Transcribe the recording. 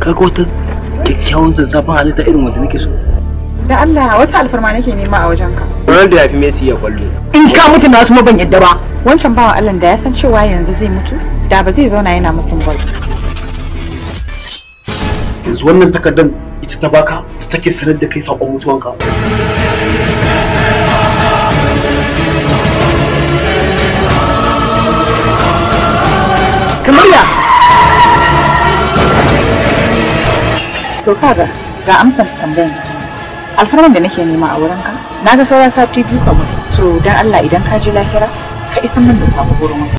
kaga wata kyakkyawan zazzafin halitta irin wanda nake so da Allah wata alfarma nake nema a wajenka Ronaldo ya fi Messi ya kwallo in ka mutu na kuma ban yadda ba wancan bawa Allah da ya san cewa yanzu zai mutu da ba zai zauna yana musun bol yanzu wannan takardar ita ta baka take sanar da kai sakon mutuwanka kamar ya to kaga ga amsar tambayar alfarman da nake nema a wurinka na ga saura sati biyu ka mutu don Allah idan ka je lahira ka isa min da sabo gurin